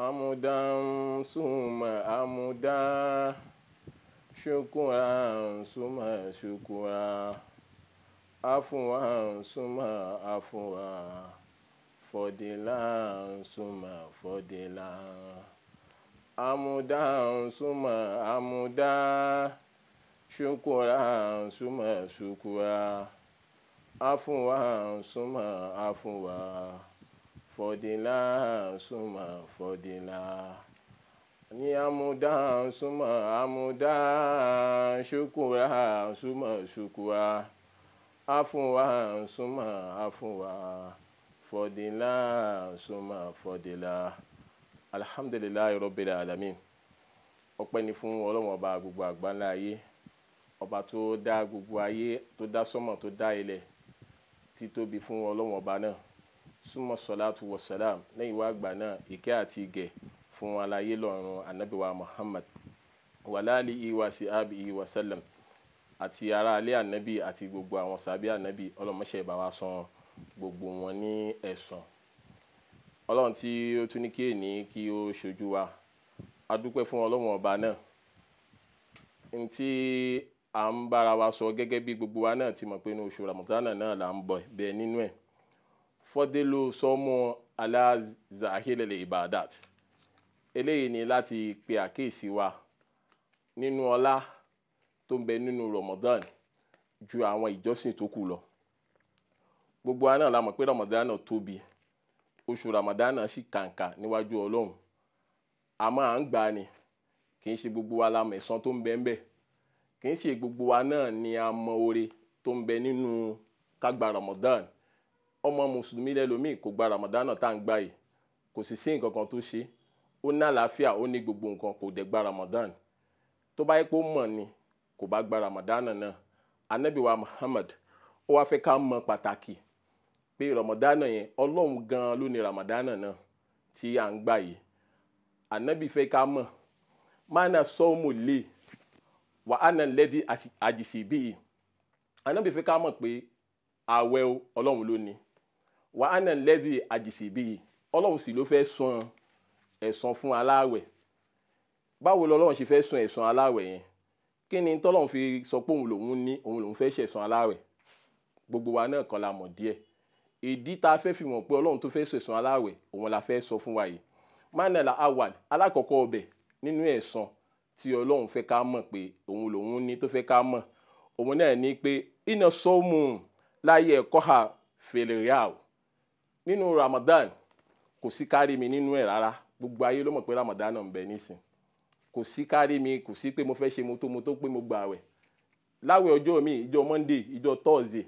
حمدا ثم حمدا شكرا ثم شكرا عفوا ثم عفوا فضلا ثم فضلا حمدا ثم حمدا شكرا ثم شكرا عفوا ثم عفوا fọdìlà súnmọ́ fọdìlà ní amúdá súnmọ́ amúdá ṣùkúra súnmọ́ ṣùkúra àfúnwá súnmọ́ àfúnwá fọdìlà súnmọ́ fọdìlà alihamdulilayi rọbìlà alamin ọpẹ́ ni fún Ọlọ́run ọba gbogbo àgbáńlá ayé ọba tó dá gbogbo ayé tó dá sọ́mọ̀ tó dá ilẹ̀ títóbi fún Ọlọ́run ọba náà súnmọ́ sọ́láàtù wọ̀sálàm lẹ́yìn wá àgbà náà ìkẹ́ àti ìgẹ̀ fún alayé lọ́rùn anábìwá muhammad wàláàlì ìwà sí àbí ìwà sẹ́lẹ̀m àti ará alẹ́ anabi àti gbogbo àwọn sàbí ànábì ọlọ́mọṣẹ́ ìbá wa san gbogbo wọn ní ẹ̀san ọlọ́run tí ó tún ní kí èní kí ó ṣojú wa a dúpẹ́ fún ọlọ́run ọba náà n à ń bára wa sọ gẹ́gẹ́ bí gbogbo wa náà ti mọ̀ pé inú oṣù ramadana náà là ń bọ̀ bẹ́ẹ̀ nínú ẹ̀ fọ́délò sọ́mọ́ aláàzàhílẹ̀lẹ̀ ibadat eléyìí ni láti pe àkíyèsí wa nínú ọlá tó ń bẹ nínú Ramadan ju àwọn ìjọsìn tó kù lọ gbogbo aná la mọ̀ pé Ramadan náà tóbi oṣù Ramadan náà sì kàǹkà níwájú Ọlọ́run àmọ́ à ń gbà ni kì í ṣe gbogbo wa la mọ̀ ẹ̀san tó ń bẹ ń bẹ kì í ṣe gbogbo wa náà ni a mọ oore tó ń bẹ nínú kágbà Ramadan ọmọ mùsùlùmí lẹ́lòmíì kò gba ramadana tá à ń gbà yìí kò sì sí nǹkan kan tó ṣe ó ní àlàáfíà ó ní gbogbo nǹkan kò dẹ̀ gba ramadan tó bá yẹ pé ó mọ̀ ni kò bá gba ramadan náà ànábì wa muhammad ó wá fẹ́ ká mọ pàtàkì pé ramadan yẹn ọlọ́run gan-an ló ní ramadan náà tí à ń gbà yìí ànábì fẹ́ ká mọ̀ mana sọ́ọ́mù lè wà á nà lẹ́dí àjìsí bíi ànábì fẹ́ ká mọ̀ pé ààwẹ̀ ọlọ́run ló ní wà á nà lẹ́dí àjèsè bíi ọlọ́run sì ló fẹ́ san ẹ̀san fún aláàwẹ̀ báwo lọ́lọ́run ṣe fẹ́ san ẹ̀san aláàwẹ̀ yẹn kí ni tọ́lọ́run fi sọ pé òun lòun ní òun lòun fẹ́ ṣẹ̀san aláàwẹ̀ gbogbo wa náà kan la mọ̀ díẹ̀ ìdí tá a fẹ́ fi mọ̀ pé ọlọ́run tó fẹ́ ṣẹ̀san aláàwẹ̀ òun la fẹ́ sọ fún wa yìí manela awal alákọ̀ọ́kọ́ ọbẹ̀ nínú ẹ̀san tí ọlọ́run fẹ́ ká mọ̀ pé òun lòun ní tó fẹ́ ká mọ̀ òun náà ní pé iná sọ́mù láyé ẹ̀kọ́ ha fèrè rí àwọn nínú Ramadan kò sí kárí mi nínú ẹ̀ rárá gbogbo ayé ló mọ̀ pé Ramadan náà ń bẹ nísìn kò sí kárí mi kò sí pé mo fẹ́ ṣe mo tó pé mo gbààwẹ̀ láwẹ̀ ọjọ́ mi ìjọ Monday ìjọ Thursday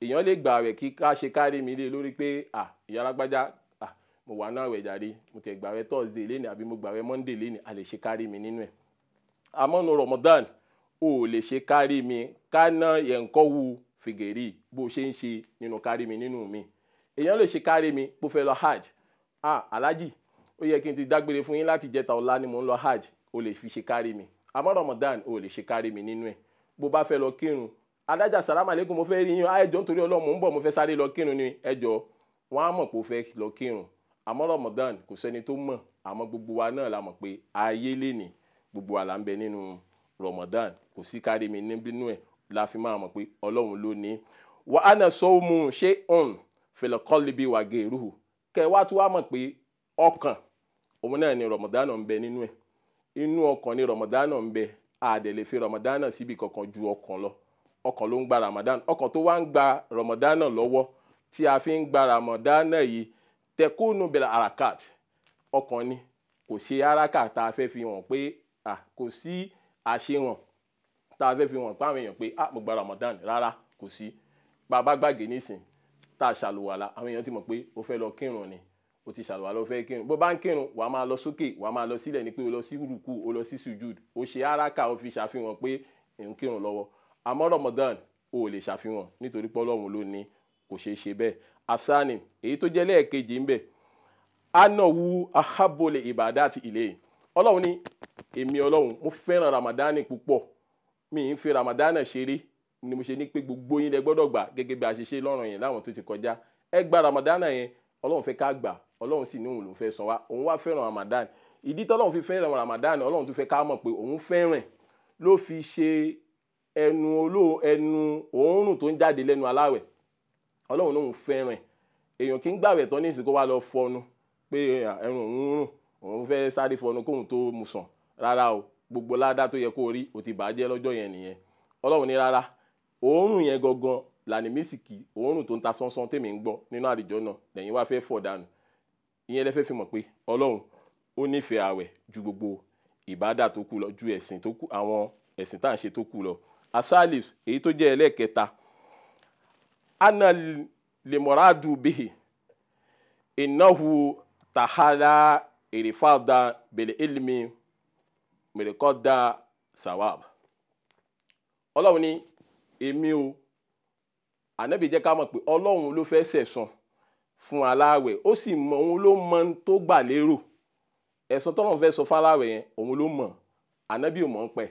èèyàn lè gbààwẹ̀ kí ká ṣe kárí mi lé lórí pé à ìyá alágbájá à mo wà náà àwẹ̀ jàre mo tẹ̀ gbààwẹ̀ Thursday léni àbí mo gbààwẹ̀ Monday léni a lè ṣe kárí mi nínú ẹ̀ àmọ́ Ramadan o ò lè ṣe kárí mi ká ná yẹn kọ́ wu fìgèrè bó ṣe ń ṣe nínú kárí mi nínú mi èèyàn lè ṣe kárí mi bó fẹ́ lọ hajj ah alhaji ó yẹ kí n ti dágbére fún yín láti jẹta ọ̀la ni mò ń lọ hajj o lè fi ṣe kárí mi àmọ́ ramadan o lè ṣe kárí mi nínú ẹ̀ bó bá fẹ́ lọ kírun adájà sàrámà lẹ́kùn mo fẹ́ rí yín ẹjọ́ nítorí ọlọ́run mò ń bọ̀ mo fẹ́ sáré lọ kírun ni ẹjọ́ wọn á mọ̀ pé o fẹ́ lọ kírun àmọ́ ramadan kò sẹ́ni tó mọ̀ àmọ́ gbogbo wa náà la mọ̀ pé ayé lè ní gbogbo wa là ń bẹ nínú ramadan kò sí kárí mi nínú ẹ̀ la fi máa mọ̀ pé ọlọ́run ló ní wàhánà sọ́ọ́mù ṣé ọ̀hún fìlẹ̀kọ́líbi wàgé ìrúhù kẹ wá tún wá mọ̀ pé ọkàn òun náà ni rọmọdánà ń bẹ nínú ẹ̀ inú ọkàn ni rọmọdánà ń bẹ àdẹ̀lẹ̀ fi rọmọdánà síbi kankan ju ọkàn lọ ọkàn ló ń gba ramadan ọkàn tó wá ń gba rọmọdánà lọ́wọ́ tí a fi ń gba ramadanà yìí tẹkùnù bẹ̀rẹ̀ arakat ọkàn ni kò ṣe araka tá a fẹ́ fi hàn pé kò sí àṣehàn tá a fẹ́ fi hàn pé àwọn èèyàn pé ah mo rárá kò sí bàbá gbàgé nísìn tá a ṣàlùwàlà àwọn èèyàn ti mọ̀ pé o fẹ́ lọ kírun ni o ti ṣàlùwàlà o fẹ́ kírun bó bá ń kírun wà á máa lọ sókè wà á máa lọ sílẹ̀ ni pé o lọ sí rúkú o lọ sí sujud o ṣe áraka o fi ṣàfihàn pé ń kírun lọ́wọ́ àmọ́ Ramadan o ò lè ṣàfihàn nítorí pé Ọlọ́run ló ní kò ṣeé ṣe bẹ́ẹ̀ afsani èyí tó jẹ́ lẹ́ẹ̀kejì ń bẹ̀ anawu ahabole ibadat ilé Ọlọ́run ní èmi Ọlọ́run mo fẹ́ràn Ramadani púpọ̀ mi ń fi Ramadani ṣeré ni mo ṣe ní pé gbogbo yín lẹ gbọ́dọ̀ gbà gẹ́gẹ́ bí a ṣe ṣe lọ́rùn yẹn láwọn tó ti kọjá ẹ gba Ramadan yẹn Ọlọ́run fẹ́ ká gbà Ọlọ́run sì ní òun ló fẹ́ san wa òun wá fẹ́ràn Ramadan ìdí tọ́lọ́run fi fẹ́ràn Ramadan Ọlọ́run tó fẹ́ ká mọ̀ pé òun fẹ́ràn ló fi ṣe ẹnu oló ẹnu òórùn tó ń jáde lẹ́nu aláwẹ̀ Ọlọ́run lóun fẹ́ràn èèyàn kì í gbàwẹ̀ tán ní ìsìnkú wa lọ fọnu pé ẹnu òun rùn òun fẹ́ sáré fọnu kóun tó mu sàn rárá o gbogbo ládá tó yẹ kó rí ó ti bàjẹ́ lọ́jọ́ yẹn nìyẹn Ọlọ́run ní rárá òórùn yẹn gangan làní mísìkì òórùn tó ń ta sánsán tèmi ń gbọ́ nínú àdìjọ náà lẹ́yìn wá fẹ́ fọ̀ dànù ìyẹn lẹ́fẹ́ fi mọ̀ pé ọlọ́run ó nífẹ̀ẹ́ àwẹ̀ ju gbogbo ìbádà tó kù lọ ju ẹ̀sìn tó kù àwọn ẹ̀sìn tá à ń ṣe tó kù lọ asalif èyí tó jẹ́ ẹlẹ́ẹ̀kẹta ana lemoradu bihi innahu tahala irifada bele ilmi mẹrẹkọda sawab ọlọ́run ní èmi o ànábì jẹ́ ká mọ̀ pé ọlọ́run ló fẹ́ sẹ̀san fún aláàwẹ̀ ó sì mọ òun ló mọ ohun tó gbà lérò ẹ̀san tọ́lọ́run fẹ́ sọ fún aláàwẹ̀ yẹn òun ló mọ̀ ànábì ò mọ̀ ń pẹ̀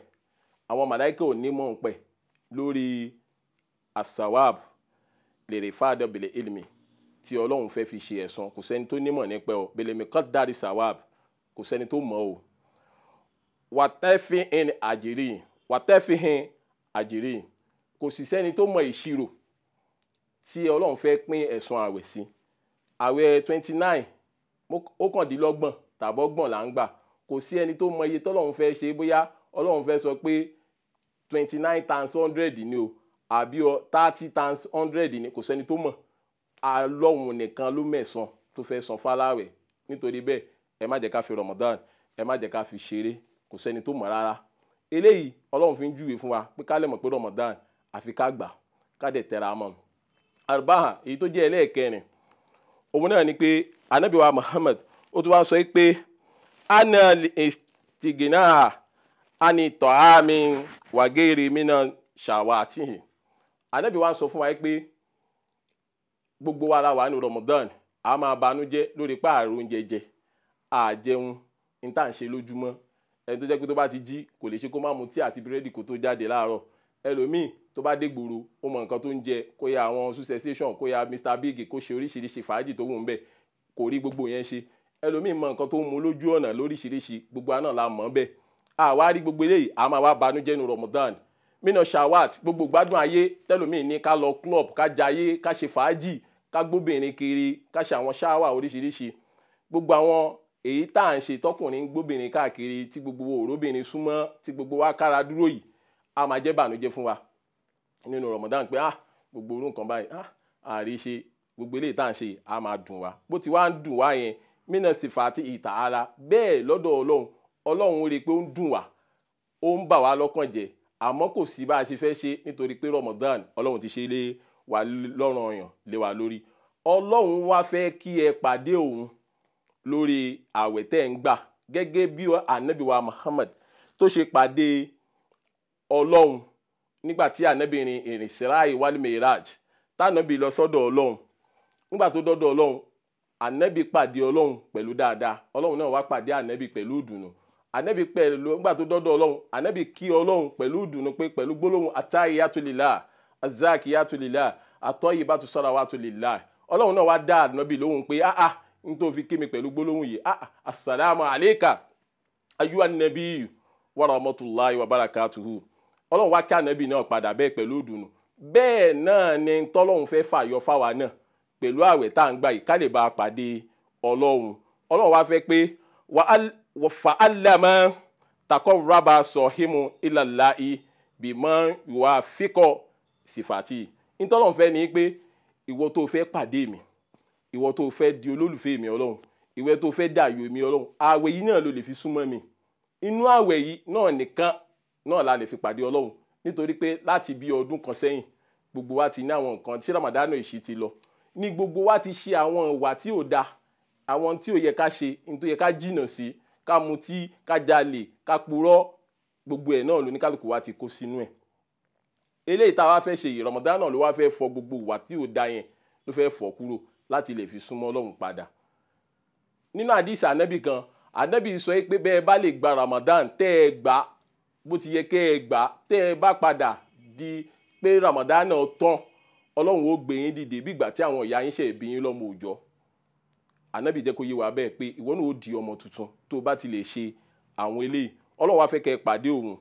àwọn màláìkà ò ní mọ̀ ń pẹ̀ lórí asawab lèrè fáadọ̀ bèlè ilmi tí ọlọ́run fẹ́ fi ṣe ẹ̀san kò sẹ́ni tó nímọ̀ nípẹ́ o bèlè mi kọ́ dárí sawab kò sẹ́ni tó mọ̀ o wàtẹ́fihìn àjírí wàtẹ́fihìn àjírí kò sì sẹ́ni tó mọ ìṣirò tí ọlọ́run fẹ́ pín ẹ̀sùn àwẹ̀ sí àwẹ̀ twenty nine ókàndínlọ́gbọ̀n tàbọ́gbọ̀n là ń gbà kò sí ẹni tó mọ iye tọ́lọ́run fẹ́ ṣe bóyá ọlọ́run fẹ́ sọ pé twenty nine times hundred ni o àbí ọ thirty times hundred ni kò sẹ́ni tó mọ̀ alọ́hùn nìkan ló mẹ̀sán tó fẹ́ san fáláwẹ̀ nítorí bẹ́ẹ̀ ẹ má jẹ́ ká fi Ramadan ẹ má jẹ́ ká fi ṣeré kò sẹ́ni tó mọ̀ rárá eléyìí ọlọ́run fi ń júwe fún wa pé ká lè mọ̀ pé Ramadan àfi ká gbà ká dẹ̀ tẹ̀ra mọ́ arbaha èyí tó jẹ́ ẹlẹ́ẹ̀kẹrin òun náà ni pé anabi wa muhammad ó tún wá sọ pé ana istigina ani tọ́hámi wàgéèrè mina ṣàwátìhì anabi wa sọ fún wa pé gbogbo wa la wà ní ramadan a máa banújẹ́ lórí páàrọ̀ oúnjẹ jẹ àjẹun ní tá à ń ṣe lójúmọ́ ẹni tó jẹ́ pé tó bá ti jí kò lè ṣe kó má mu tí àti búrẹ́dì kó tó jáde láàárọ̀ ẹlòmíì tó bá dé gbòòrò ó mọ nǹkan tó ń jẹ kó ya àwọn succession kó ya Mr Big kó ṣe oríṣiríṣi fàájì tó wù ń bẹ kò rí gbogbo yẹn ṣe ẹlòmíì mọ nǹkan tó ń mu lójú ọ̀nà lóríṣiríṣi gbogbo àná la mọ̀ bẹ́ẹ̀ àwa rí gbogbo eléyìí a máa wá banújẹ́ nu Ramadan mina shawat gbogbo gbádùn ayé tẹlòmíì ní ká lọ club ká jayé ká ṣe fàájì ká gbóbìnrin kiri ká ṣe àwọn ṣáwà oríṣiríṣi gbogbo àwọn èyí tá à ń ṣe tọkùnrin gbóbìnrin káàkiri tí gbogbo òróbìnrin súnmọ́ tí gbogbo wa kára dúró yìí a máa jẹ́ bànújẹ́ fún wa nínú Ramadan pé ah gbogbo orú nǹkan báyìí ah àrí ṣe gbogbo eléyìí tá à ń ṣe a máa dùn wá bó ti wá ń dùn wá yẹn mínà sì fà á ti ìta ara bẹ́ẹ̀ lọ́dọ̀ ọlọ́run ọlọ́run rí i pé ó ń dùn wá ó ń bà wá lọ́kàn jẹ́ àmọ́ kò sí bá a ṣe fẹ́ ṣe nítorí pé Ramadan ọlọ́run ti ṣe lé wa lọ́rùn ọyàn lé wa lórí ọlọ́run wá fẹ́ kí ẹ pàdé òun lórí àwẹ̀ tẹ́ ń gbà gẹ́gẹ́ bí ànábìwá Muhammad tó ṣe pàdé ọlọ́run nígbà tí ànábì rin ìrìnsíráì wálé miraj tànábì lọ sọ́dọ̀ ọlọ́run nígbà tó dọ́dọ̀ ọlọ́run ànábì pàdé ọlọ́run pẹ̀lú dáadáa ọlọ́run náà wá pàdé ànábì pẹ̀lú ìdùnnú ànábì pẹ̀lú nígbà tó dọ́dọ̀ ọlọ́run ànábì kí ọlọ́run pẹ̀lú ìdùnnú pé pẹ̀lú gbólóhùn ọlọ́run wá kí ànábì náà padà bẹ́ẹ̀ pẹ̀lú ìdùnnú bẹ́ẹ̀ náà ni tọ́lọ́run fẹ́ fàyọ fáwa náà pẹ̀lú àwẹ̀ tá à ń gbà yìí ká lè bá a pàdé ọlọ́run ọlọ́run wá fẹ́ pé wàfà àlàmọ́ takọ́ rábà sọ̀hímù ìlàláì bímọ ìwà fíkọ̀ sífàtì ntọ́lọ́run fẹ́ ni pé ìwọ tó fẹ́ pàdé mi ìwọ tó fẹ́ di olólùfẹ́ mi ọlọ́run ìwọ tó fẹ́ dàyò mi ọlọ́run àwẹ̀ yìí náà ló lè fi súnmọ́ mi inú àwẹ̀ yìí náà nìkan náà la lè fi pàdé ọlọ́run nítorí pé láti bí ọdún kan sẹ́yìn gbogbo wa ti ní àwọn nǹkan tí ramadan èsì ti lọ ní gbogbo wa ti ṣe àwọn ìwà tí ò da àwọn tí ò yẹ ká ṣe ní tó yẹ ká jìnà sí ká mutí ká jalè ká purọ́ gbogbo ẹ̀ náà lóníkálùkù wa ti kó sínú ẹ̀ eléyìí tá a wá fẹ́ ṣe yìí ramadan náà ló wá fẹ́ fọ gbogbo ìwà tí ò da yẹn ló fẹ́ fọ kúrò láti lè fi súnmọ́ ọlọ́run padà nínú àdìsí ànábì kan ànábì sọ pé bẹ́ẹ̀ bá lè gba ramadan tẹ́ ẹ gbà bó ti yẹ kẹ́ ẹ gbà tẹ́ ẹ bá padà di pé Ramadan tán ọlọ́run ó gbé yín dìde bí ìgbà tí àwọn ìyá yín ṣe ìbí yín lọ́mọ òòjọ́ ànábì jẹ́ kó yé wa bẹ́ẹ̀ pé ìwọ náà ó di ọmọ tuntun tó bá ti lè ṣe àwọn eléyìí ọlọ́run wá fẹ́ kẹ́ ẹ pàdé òun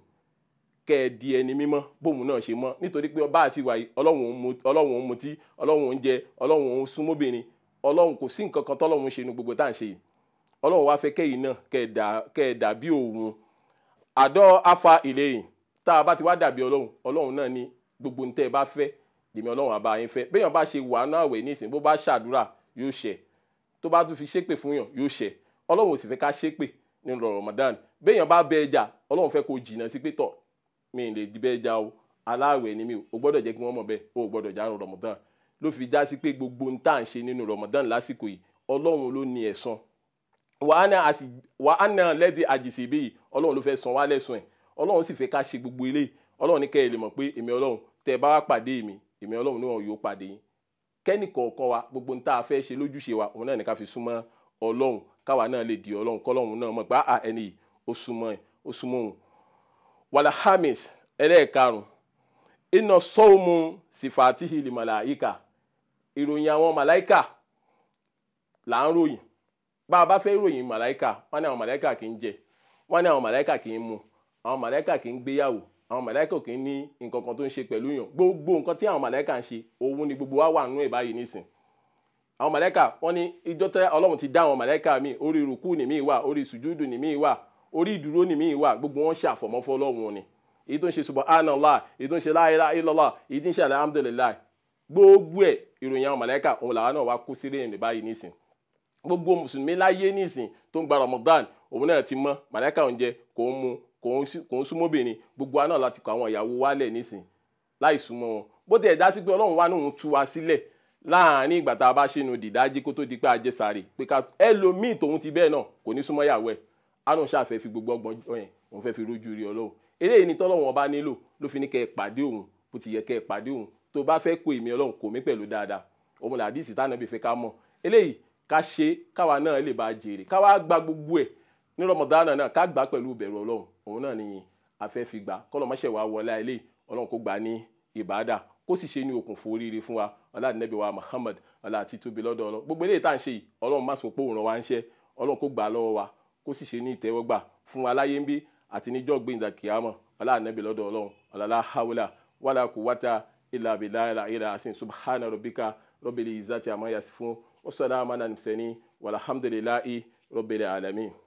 kẹ́ ẹ di ẹni mímọ́ bóun náà ṣe mọ́ nítorí pé bá àti ìwà ọlọ́run ń mutí ọlọ́run ń jẹ ọlọ́run ń súnmọ́bìnrin ọlọ́run kò sí nǹkan kan tọ́lọ́run ṣe nu gbogbo tá à ń ṣe yìí ọlọ́run wá fẹ́ kẹ́yìn náà kẹ́ ẹ dà bí òun àdọ́ afa ìlẹ́yìn tá a bá ti wá dàbí ọlọ́run ọlọ́run náà ni gbogbo ntẹ́ ẹ bá fẹ́ lèmi ọlọ́run àbá yín fẹ́ béèyàn bá ṣe wà náà wẹ̀ nísìnyí bó bá ṣàdúrà yóò ṣẹ tó bá tún fi ṣépè fún yàn yóò ṣẹ ọlọ́run ò sì fẹ́ ká ṣépè nínú Ramadan béèyàn bá bẹ ẹja ọlọ́run fẹ́ kó jìnnà sí pé tọ̀ mi ì lè di bẹ ẹja o aláàwẹ̀ ni mi ò gbọ́dọ̀ jẹ́ kí wọ́n mọ̀ bẹ́ẹ̀ o gbọ́dọ̀ jánu Ramadan ló fi já sí pé gbogbo ntà ń ṣe nínú Ramadan lásìkò yìí ọlọ́run ló ní ẹ̀san wàá nà lẹ́dí àjèsè bíi ọlọ́run ló fẹ́ san wá lẹ́sùn ẹ̀ ọlọ́run sì fẹ́ ká ṣe gbogbo eléyìí ọlọ́run ní kẹ́ ẹ lè mọ̀ pé èmi ọlọ́run tẹ́ ẹ bá wá pàdé mi èmi ọlọ́run ní wọn yóò pàdé yín kẹ́nì kọ̀ọ̀kan wa gbogbo ní tá a fẹ́ ṣe lójúṣe wa òun náà ní ká fi súnmọ́ ọlọ́run káwa náà lè di ọlọ́run kọ́lọ́run náà mọ̀ pé a ẹni yìí ó súnmọ́ ẹ̀ ó súnmọ́ òun. wàlá hamis ẹlẹ́ẹ̀karùn iná sọ́ọ̀mù sìfàtìhìlì màláìkà ìròyìn àwọn màláìkà là ń ròyìn gbaa a bá fẹ́ ròyìn màláìkà wọ́n ní àwọn màláìkà kì í jẹ wọ́n ní àwọn màláìkà kì í mu àwọn màláìkà kì í gbéyàwó àwọn màláìkà kì í ní nǹkan kan tó ń ṣe pẹ̀lú yàn gbogbo nǹkan tí àwọn màláìkà ń ṣe òun ni gbogbo wa wà nú ẹ̀ báyìí nísìn àwọn ìjọ tẹ ọlọ́run ti dá àwọn mi orí ni mi wà orí ni mi wà orí ìdúró ni mi wà gbogbo wọn ṣe gbogbo mùsùlùmí láyé nísìn tó ń gba Ramadan òun náà ti mọ màláìka oúnjẹ kò ń mu kò ń súnmọ́bìnrin gbogbo wa náà láti kọ àwọn ìyàwó wálẹ̀ nísìn láì súnmọ́ wọn bó tiẹ̀ dá sí pé ọlọ́run wá ní òun tú wa sílẹ̀ láàárín ìgbà tá a bá ṣe nu dìdájí kó tó di pé ajé sáré pé ká ẹlòmíì tòun ti bẹ́ẹ̀ náà kò ní súnmọ́ ìyàwó ẹ̀ àrùn ṣàfẹ́ fi gbogbo ọgbọ́n yẹn òun fẹ́ fi rójú rí ọlọ́run eléyìí ni tọ́lọ́run ọba nílò ló fi ní kẹ́ ẹ pàdé òun bó ti yẹ kẹ́ ẹ pàdé òun tó bá fẹ́ kó èmi ọlọ́run kò mí pẹ̀lú dáadáa òun làdíìsì tánàbí fẹ́ ká mọ̀ eléyìí ká ṣe káwa náà lè bá jèrè káwa gba gbogbo ẹ̀ ní rọmọdánà náà ká gbà pẹ̀lú ìbẹ̀rù ọlọ́run òun náà ni afẹ́ fi gbà kọ́lọ́mọṣẹ́ wa wọlé ilé ọlọ́run kó gbà ní ìbádà kó sì ṣe ní okùnfò oríire fún wa ọlá wa Muhammad ọlá àti tóbi lọ́dọ̀ ọlọ́ gbogbo eléyìí tá à ń ṣe yìí ọlọ́run má sọ pé òun ràn wá ń ṣe ọlọ́run kó gbà lọ́wọ́ wa kó sì ṣe ní ìtẹ́wọ́gbà fún wa láyé ń àti níjọ́ gbẹ̀yìndà subhana rabbika rabbil izzati àmọ́ yasifun وسلاما على المرسلين والحمد لله رب العالمين